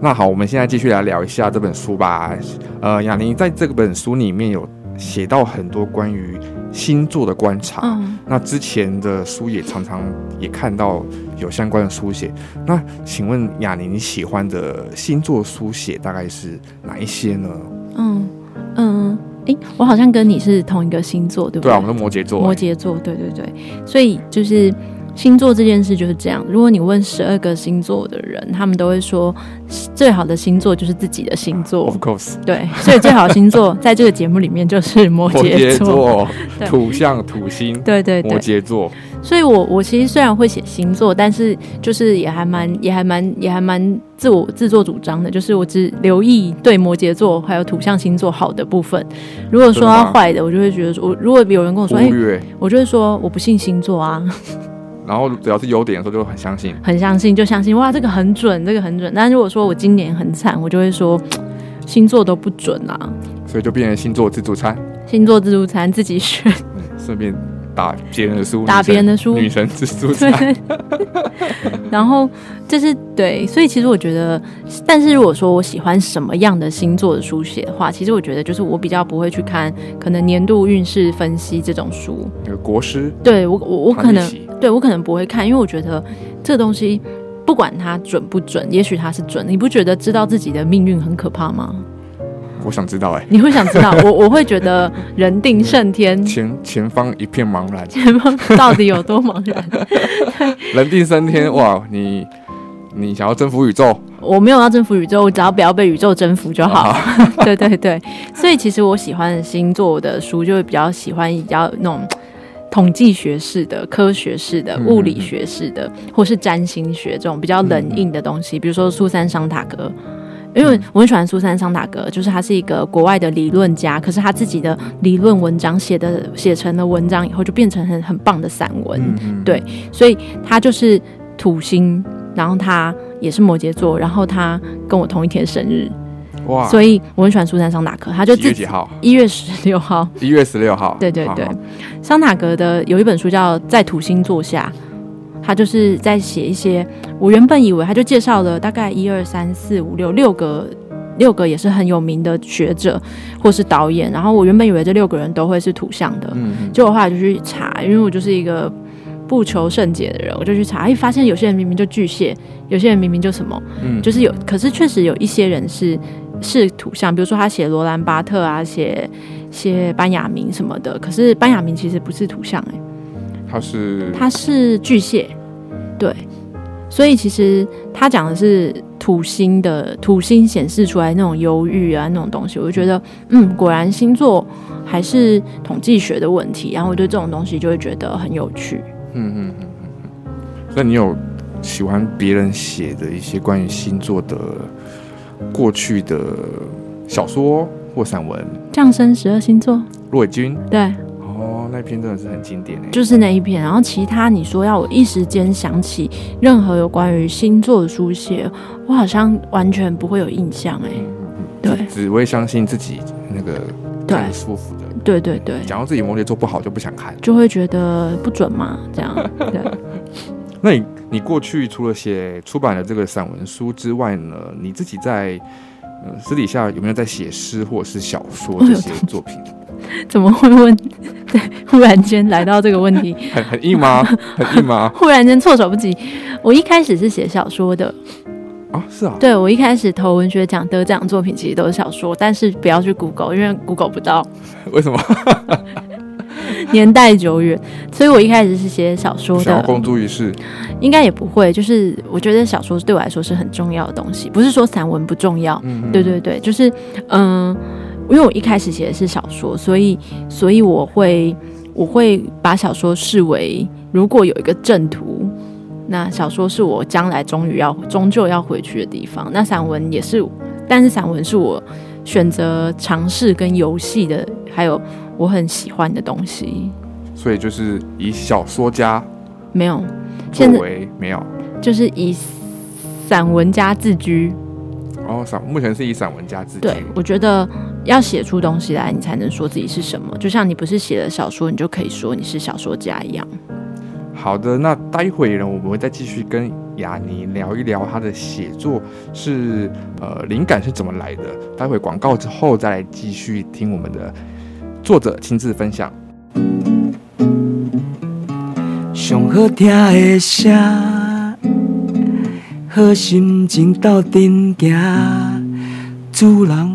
那好，我們現在繼續來聊一下這本書吧。呃，亞妮在這本書裡面有寫到很多關於星座的觀察，嗯，那之前的書也常常也看到有相關的書寫。那請問亞妮，你喜歡的星座書寫大概是哪一些呢？嗯。嗯，誒、欸，我好像跟你是同一個星座，對不對？對啊，我們是摩，摩羯座。摩羯座，對對對，所以就是。星座這件事就是這樣。如果你問十二個星座的人，他們都會說最好的星座就是自己的星座。Of course，對。所以最好的星座在這個節目裡面就是摩羯座。 摩羯座、土象、土星。對，對對對，摩羯座。所以我我其實雖然會寫星座，但是就是也還蠻也還蠻也還蠻自我自作主張的。就是我只留意對摩羯座還有土象星座好的部分。如果說他壞的，我就會覺得說，我如果有人跟我說哎，我就會說我不信星座啊。然後只要是優點的時候，就會很，很相信，很相信就相信。哇，這個很準，這個很準。但如果說我今年很慘，我就會說，星座都不準啊。所以就變成星座自助餐，星座自助餐自己選，對，順便。打別人的書，打別人的書，女神之書，對。 然後就是對，所以其實我覺得，但是如果說我喜歡什麼樣的星座的書寫的話，其實我覺得就是我比較不會去看可能年度運勢分析這種書。那個國師，對我我我可能對我可能不會看，因為我覺得這東西不管它準不準，也許它是準，你不覺得知道自己的命運很可怕嗎？我想知道哎、欸，你會想知道我，我會覺得人定勝天， 前前方一片茫然，前方到底有多茫然？ 人定勝天，哇，你你想要征服宇宙？我沒有要征服宇宙，我只要不要被宇宙征服就好。啊、 對對對，所以其實我喜歡的星座的書，就會比較喜歡比較那種統計學式的、科學式的、物理學式的，嗯、或是占星學這種比較冷硬的東西，嗯、比如說蘇珊·桑塔、桑塔格。因為我很喜歡蘇珊·桑塔格，就是他是一個國外的理論家，可是他自己的理論文章寫的寫成了文章以後，就變成很很棒的散文，嗯。對，所以他就是土星，然後他也是摩羯座，然後他跟我同一天生日，哇！所以我很喜歡蘇珊·桑塔格，他就自己。幾月幾號？一月十六號。一月十六號。 對對對，好好。桑塔格的有一本書叫《在土星座下》。他就是在寫一些，我原本以為他就介紹了大概一二三四五六六個六個也是很有名的學者或是導演，然後我原本以為這六個人都會是土象的、嗯，結果後來就去查，因為我就是一個不求甚解的人，我就去查，哎，發現有些人明明就巨蟹，有些人明明就什麼，嗯、就是有，可是確實有一些人是是土象，比如說他寫羅蘭巴特啊，寫寫班雅明什麼的，可是班雅明其實不是土象哎、欸。他是他是巨蟹，對，所以其實他講的是土星的土星顯示出來那種憂鬱啊，那種東西。我就覺得，嗯，果然星座還是統計學的問題。然後我對這種東西就會覺得很有趣。嗯嗯嗯嗯。那你有喜歡別人寫的一些關於星座的過去的小說或散文？《降生十二星座》駱以軍，對。哦，那一篇真的是很經典，就是那一篇。然後其他你說要我一時間想起任何有關於星座的書寫，我好像完全不會有印象哎、嗯。對，只會相信自己那個對舒服的。對、嗯、對，對對，講到自己摩羯座做不好就不想看，對對對，就會覺得不準嘛這樣。對。 那你你過去除了寫出版的這個散文書之外呢，你自己在、呃、私底下有沒有在寫詩或者是小說這些作品？哎怎麼會問？對，忽然間來到這個問題，很 很硬嗎？很硬嗎？ 忽然間措手不及。我一開始是寫小說的啊，是啊。對，我一開始投文學獎得獎作品其實都是小說，但是不要去 Google，因為 Google 不到。為什麼？ 年代久遠，所以我一開始是寫小說的。公諸於世。應該也不會，就是我覺得小說對我來說是很重要的東西，不是說散文不重要。嗯，嗯。對對對，就是嗯。呃因為我一開始寫的是小說，所以所以我會我會把小說視為如果有一個正途，那小說是我將來終於要終究要回去的地方。那散文也是，但是散文是我選擇嘗試跟遊戲的，還有我很喜歡的東西。所以就是以小說家沒有作為沒有，現在就是以散文家自居。哦，散目前是以散文家自居。對我覺得。嗯要寫出東西來，你才能說自己是什麼。就像你不是寫了小說，你就可以說你是小說家一樣。好的，那待會呢，我們會再繼續跟亞妮聊一聊她的寫作是呃靈感是怎麼來的。待會廣告之後再來繼續聽我們的作者親自分享。尚好聽的聲，好心情鬥陣行，主人。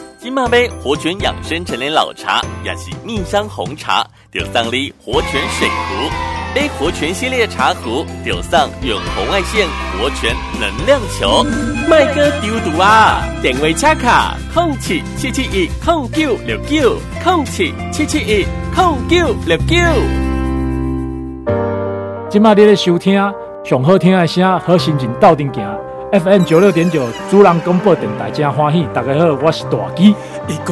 金馬杯活泉養生陳年老茶，亞西蜜香紅茶，丟上哩活泉水壺，A 活泉系列茶壺，丟上遠紅外線活泉能量球。麥哥丟毒啊，點位恰卡，空七七七一，空九六九，空七七七一，空九六九。今麥你咧收聽，上好聽誒聲，好心情鬥陣行啊 FM 九六點九，主人公布，等大家歡喜。大家好，我是大基。大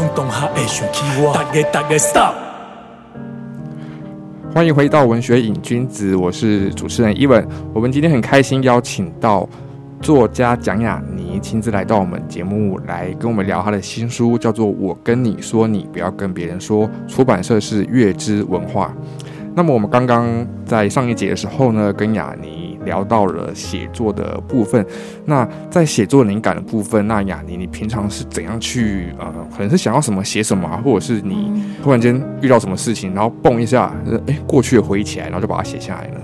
家大家 stop。歡迎回到文學影君子，我是主持人 Even。我們今天很開心邀請到作家蔣亞妮親自來到我們節目，來跟我們聊她的新書，叫做《我跟你說你，你不要跟別人說》。出版社是悅知文化。那麼我們剛剛在上一集的時候呢，跟亞妮。聊到了寫作的部分，那在寫作靈感的部分，那亞妮，你平常是怎樣去呃，可能是想要什麼寫什麼，或者是你突然間遇到什麼事情，嗯、然後蹦一下，哎，過去的回憶起來，然後就把它寫下來呢？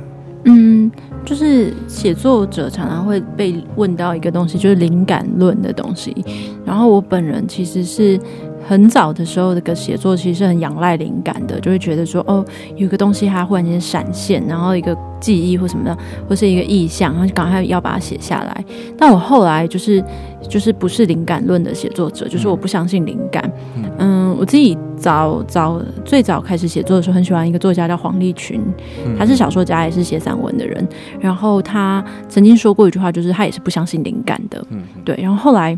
嗯，就是寫作者常常會被問到一個東西，就是靈感論的東西。然後我本人其實是。很早的時候，的、這個寫作其實是很仰賴靈感的，就會覺得說，哦，有個東西它忽然間閃現，然後一個記憶或什麼的，或是一個意象，然後趕快要把它寫下來。但我後來就是就是不是靈感論的寫作者，就是我不相信靈感嗯。嗯，我自己早早最早開始寫作的時候，很喜歡一個作家叫黃麗群，嗯，他是小說家也是寫散文的人。然後他曾經說過一句話，就是他也是不相信靈感的。嗯，對。然後後來。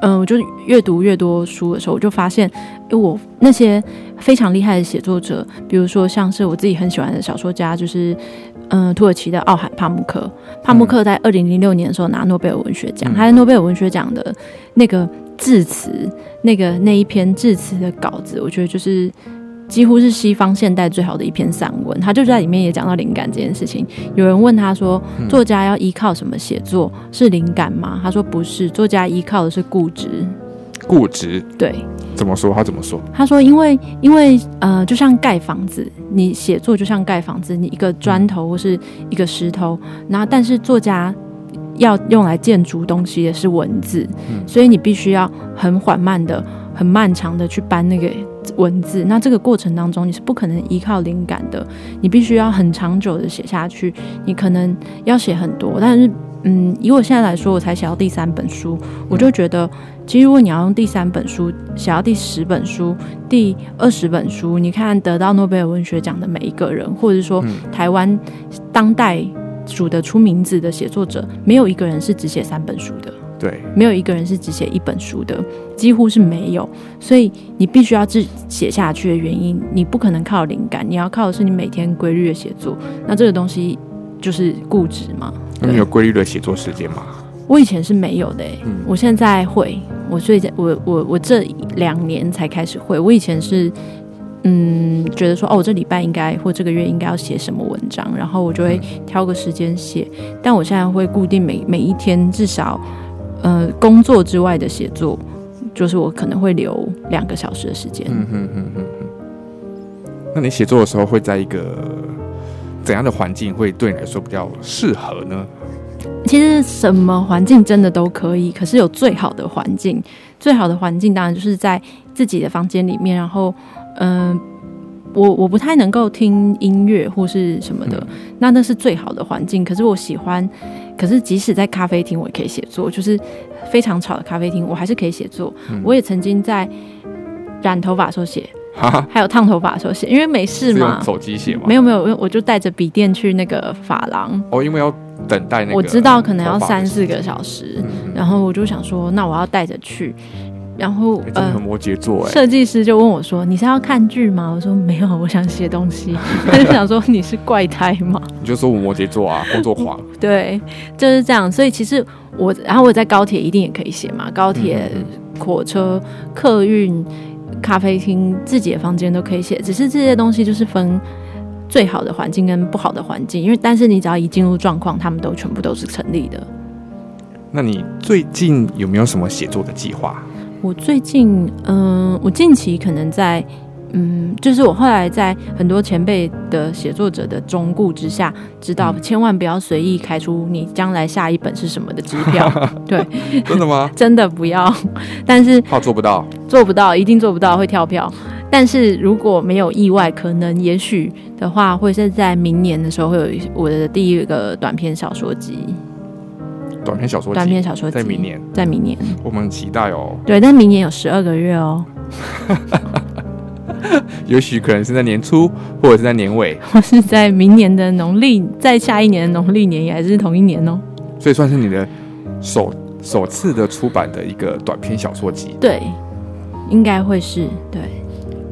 嗯，我就越讀越多書的時候，我就發現，因為我那些非常厲害的寫作者，比如說像是我自己很喜歡的小說家，就是嗯，土耳其的奧罕帕慕克。帕慕克在二零零六年的時候拿諾貝爾文學獎，嗯、他在諾貝爾文學獎的那個致辭，那個那一篇致辭的稿子，我覺得就是。幾乎是西方現代最好的一篇散文，他就在裡面也講到靈感這件事情。有人問他說：“嗯、作家要依靠什麼寫作？是靈感嗎？”他說：“不是，作家依靠的是固執。”固執對，怎麼說？他怎麼說？他說：“因為，因為，呃，就像蓋房子，你寫作就像蓋房子，你一個磚頭或是一個石頭，然後但是作家要用來建築東西的是文字，嗯、所以你必須要很緩慢的、很漫長的去搬那個。”文字，那這個過程當中你是不可能依靠靈感的，你必須要很長久的寫下去。你可能要寫很多，但是，嗯，以我現在來說，我才寫到第三本書，我就覺得，其實如果你要用第三本書寫到第十本書、第二十本書，你看得到諾貝爾文學獎的每一個人，或者說台灣當代數得出名字的寫作者，沒有一個人是只寫三本書的。對，沒有一個人是只寫一本書的，幾乎是沒有，所以你必須要自寫下去的原因，你不可能靠靈感，你要靠的是你每天規律的寫作。那這個東西就是固執嘛？那你有規律的寫作時間嗎？我以前是沒有的，欸，我現在會，我最近我我我這兩年才開始會。我以前是嗯，覺得說哦，我這禮拜應該或這個月應該要寫什麼文章，然後我就會挑個時間寫，嗯。但我現在會固定每每一天至少。呃，工作之外的寫作，就是我可能會留兩個小時的時間。嗯嗯、嗯、哼、嗯、哼、嗯。那你寫作的時候會在一個怎樣的環境會對你來說比較適合呢？其實什麼環境真的都可以，可是有最好的環境。最好的環境當然就是在自己的房間裡面，然後嗯。呃我我不太能夠聽音樂或是什麼的，嗯，那那是最好的環境。可是我喜歡，可是即使在咖啡廳，我也可以寫作，就是非常吵的咖啡廳，我還是可以寫作，嗯。我也曾經在染頭髮的時候寫，還有燙頭髮的時候寫，因為沒事嘛，手機寫嗎？沒有沒有，我我就帶着筆電去那個髮廊。哦，因為要等待那個，我知道可能要三四個小時，嗯，頭髮的時間，然後我就想說，那我要帶着去。然後呃、欸、摩羯座哎、欸呃，設計師就問我說：“你是要看劇嗎？”我說：“沒有，我想寫東西。”他就想說：“你是怪胎嗎？”你就說：“我摩羯座啊，工作狂。 ”對，就是這樣。所以其實我，然後我在高鐵一定也可以寫嘛，高鐵嗯嗯、火車、客運、咖啡廳、自己的房間都可以寫。只是這些東西就是分最好的環境跟不好的環境，因為但是你只要一進入狀況，他們都全部都是成立的。那你最近有沒有什麼寫作的計劃？我最近，嗯、呃，我近期可能在，嗯，就是我後來在很多前輩的寫作者的忠告之下，知道千萬不要隨意開出你將來下一本是什麼的支票， 對，真的嗎？真的不要，但是怕做不到，做不到，一定做不到，會跳票。但是如果沒有意外，可能也許的話，會是在明年的時候會有一我的第一個短篇小說集。短篇小說，短篇小說在明年，在明年，我們很期待哦、喔。對，但明年有十二個月哦、喔，也 許 可能是在年初，或者是在年尾，或是在明年的農曆，在下一年的農曆年也還是同一年哦、喔。所以算是你的首首次的出版的一個短篇小說集。對，應該會是，對，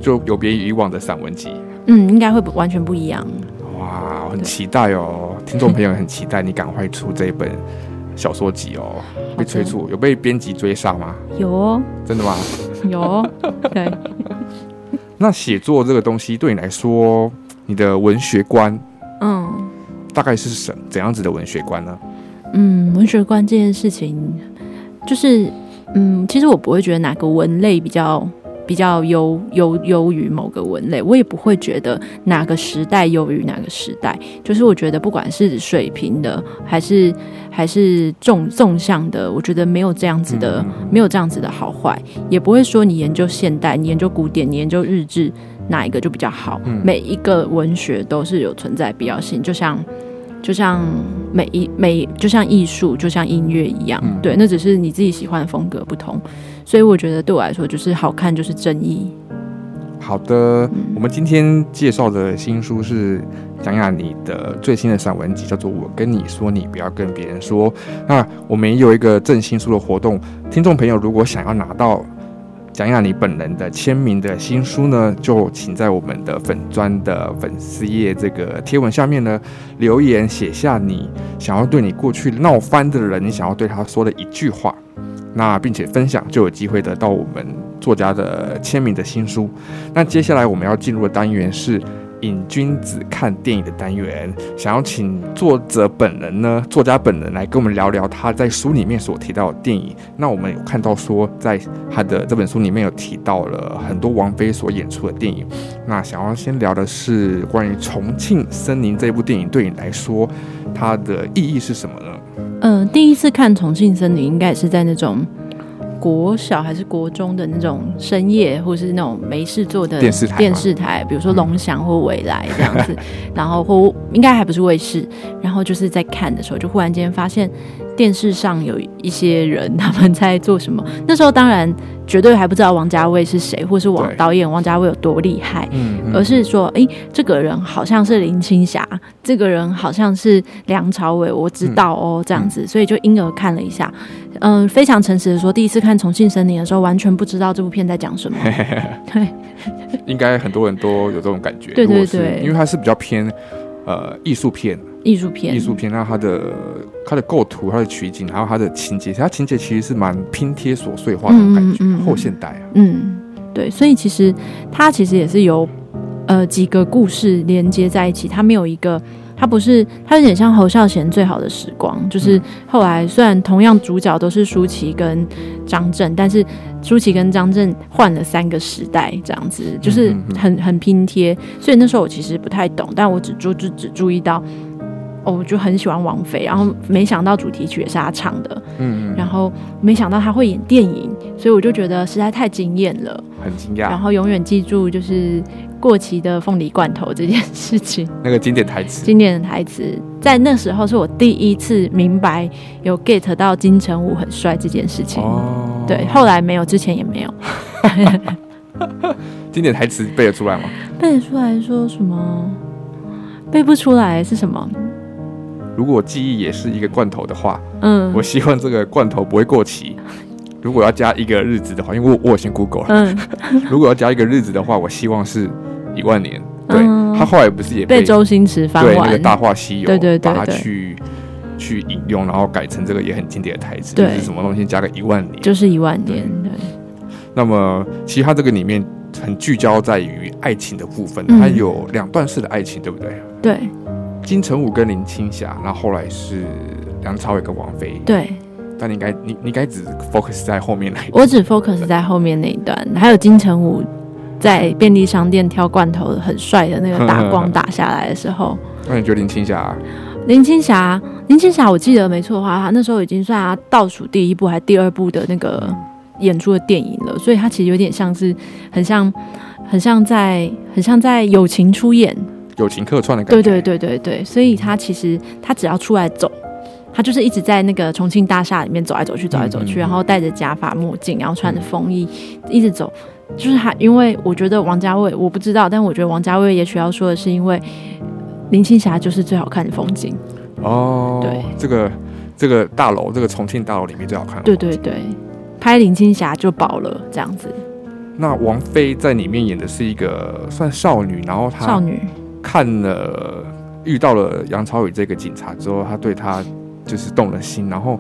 就有別於以往的散文集，嗯，應該會不完全不一樣。哇，很期待哦、喔，聽眾朋友很期待你趕快出這一本。小說集哦，被催促，有被編輯追殺嗎？有、哦，真的嗎？有、哦，對。 那寫作這個東西對你來說，你的文學觀，嗯，大概是什怎樣子的文學觀呢？嗯，文學觀這件事情，就是，嗯，其實我不會覺得哪個文類比較。比較優優優於某個文類，我也不會覺得哪個時代優於哪個時代。就是我覺得，不管是水平的，還是還是縱縱向的，我覺得沒有這樣子的，嗯、沒有這樣子的好壞。也不會說你研究現代，你研究古典，你研究日志哪一個就比較好、嗯。每一個文學都是有存在必要性，就像就像每一每就像藝術，就像音樂一樣、嗯。對，那只是你自己喜歡的風格不同。所以我覺得對我來說，就是好看就是正義。好的，嗯、我們今天介紹的新書是蔣亞妮的最新的散文集，叫做《我跟你說，你不要跟別人說》。那我們也有一個贈新書的活動，聽眾朋友如果想要拿到蔣亞妮本人的簽名的新書呢，就請在我們的粉專的粉絲頁這個貼文下面呢留言，寫下你想要對你過去鬧翻的人，你想要對他說的一句話。那並且分享就有機會得到我們作家的簽名的新書。那接下來我們要進入的單元是影君子看電影的單元，想要請作者本人呢，作家本人來跟我們聊聊他在書裡面所提到的電影。那我們有看到說，在他的這本書裡面有提到了很多王菲所演出的電影。那想要先聊的是關於《重慶森林》這部電影，對你來說，它的意義是什麼呢？嗯、呃，第一次看《重慶森林》應該是在那種國小還是國中的那種深夜，或是那種沒事做的電視台，電視台，比如說龍祥或緯來這樣子， 然後或應該還不是衛視，然後就是在看的時候，就忽然間發現。電視上有一些人，他們在做什麼？那時候當然絕對還不知道王家衛是誰，或是王導演王家衛有多厲害，嗯，嗯，而是說，哎，這個人好像是林青霞，這個人好像是梁朝偉，我知道哦，嗯、這樣子，所以就因而看了一下。嗯，嗯非常誠實的說，第一次看《重慶森林》的時候，完全不知道這部片在講什麼。 應該很多人都有這種感覺，對對對，對，因為它是比較偏呃藝術片。藝術片，片，藝術片，那它他的它的構圖，他的取景，還有他的情節，他情節其實是蠻拼貼瑣碎化的感覺，嗯嗯嗯，後現代啊，嗯，對，所以其實他其實也是由呃幾個故事連接在一起，他沒有一個，他不是，他有點像侯孝賢《最好的時光》，就是後來雖然同樣主角都是舒淇跟張震，但是舒淇跟張震換了三個時代，這樣子就是很很拼貼，所以那時候我其實不太懂，但我只注只只注意到。哦，我就很喜歡王菲，然後沒想到主題曲也是她唱的，嗯，然後沒想到她會演電影，所以我就覺得實在太驚豔了，很驚訝。然後永遠記住就是過期的鳳梨罐頭這件事情，那個經典台詞，經典的台詞，在那時候是我第一次明白有 get 到金城武很帥這件事情，哦，對，後來沒有，之前也沒有。 經典台詞背得出來嗎？背得出來，說什麼？背不出來是什麼？如果記憶也是一個罐頭的話，嗯，我希望這個罐頭不會過期。如果要加一個日子的話，因為我我先 Google 了，嗯。如果要加一個日子的話， 我希望是一萬年。對，嗯，他後來不是也被，被周星馳發對那個《大話西遊》對對對，對，對把它去對對對去引用，然後改成這個也很經典的台詞，對，就是，什麼東西加個一萬年就是一萬年。對。對那麼其實他這個裡面很聚焦在於愛情的部分，嗯，它有兩段式的愛情，對不對？對。金城武跟林青霞，然後後來是梁朝偉跟王菲。對，但你應該你你該只 focus 在後面那一段，我只 focus 在後面那一段。還有金城武在便利商店挑罐頭很帥的那個打光打下來的時候， 那你覺得林青霞、啊？林青霞，林青霞，我記得沒錯的話，她那時候已經算她倒數第一部還是第二部的那個演出的電影了，所以他其實有點像是很像很像在很像在友情出演。友情客串的感覺。對對對對對，對，所以他其實他只要出來走，他就是一直在那個重慶大廈裡面走來走去，走來走去，嗯、然後戴着假髮墨鏡，然後穿着風衣、嗯、一直走，就是他，因為我覺得王家衛，我不知道，但我覺得王家衛也許要說的是，因為林青霞就是最好看的風景。哦，對，這個這個大樓，這個重慶大樓裡面最好看的。對對對，拍林青霞就飽了這樣子。那王菲在裡面演的是一個算少女，然後她少女。看了遇到了楊超越這個警察之後，他對他就是動了心，然後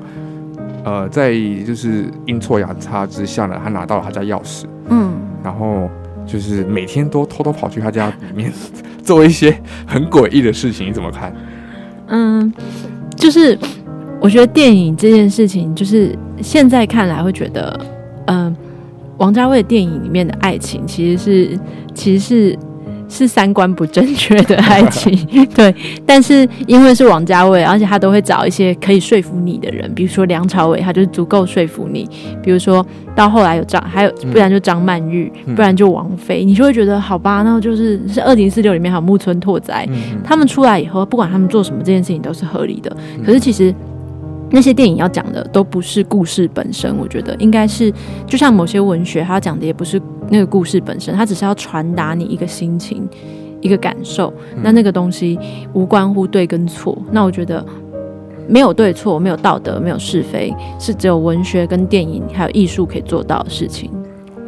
呃，在就是陰錯陽差之下呢，他拿到了他家鑰匙嗯，嗯，然後就是每天都偷偷跑去他家裡面做一些很詭異的事情，你怎麼看？嗯，就是我覺得電影這件事情，就是現在看來會覺得，嗯、呃，王家衛電影裡面的愛情其實是其實是。是三觀不正確的愛情， 對。但是因為是王家衛，而且他都會找一些可以說服你的人，比如說梁朝偉，他就足夠說服你，比如說到後來有張，還有不然就張曼玉，嗯、不然就王菲，你就會覺得好吧，那就是是二零四六裡面還有木村拓哉、嗯，他們出來以後，不管他們做什麼，這件事情都是合理的。可是其實。嗯那些電影要講的都不是故事本身，我覺得應該是就像某些文學，他講的也不是那個故事本身，他只是要傳達你一個心情、一個感受。嗯，那那個東西無關乎對跟錯。那我覺得沒有對錯，沒有道德，沒有是非，是只有文學跟電影還有藝術可以做到的事情。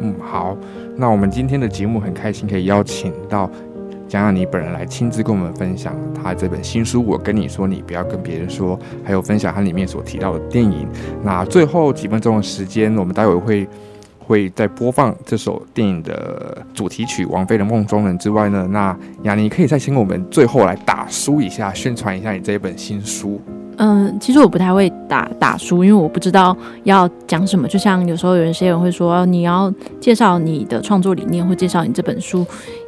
嗯，好，那我們今天的節目很開心可以邀請到。想讓你本人來親自跟我們分享他這本新書，我跟你說，你不要跟別人說，還有分享他裡面所提到的電影。那最後幾分鐘的時間，我們待會會會再播放這首電影的主題曲《王菲的夢中人》之外呢，那亞妮可以再請我們最後來打書一下，宣傳一下你這一本新書。嗯，其實我不太會打打書，因為我不知道要講什麼。就像有時候有一些人會說，你要介紹你的創作理念，或介紹你這本書，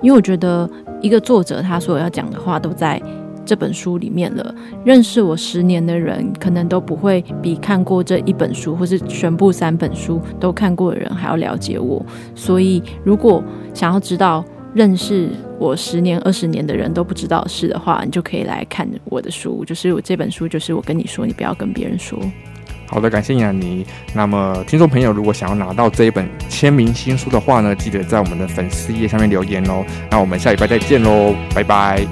因為我覺得一個作者他所有要講的話都在這本書裡面了。認識我十年的人，可能都不會比看過這一本書，或是全部三本書都看過的人還要了解我。所以，如果想要知道，認識我十年二十年的人都不知道是的，的話，你就可以來看我的書。就是我這本書，就是我跟你說，你不要跟別人說。好的，感謝亞妮。那麼，聽眾朋友，如果想要拿到這一本簽名新書的話呢，記得在我們的粉絲頁上面留言哦。那我們下禮拜再見嘍，拜拜。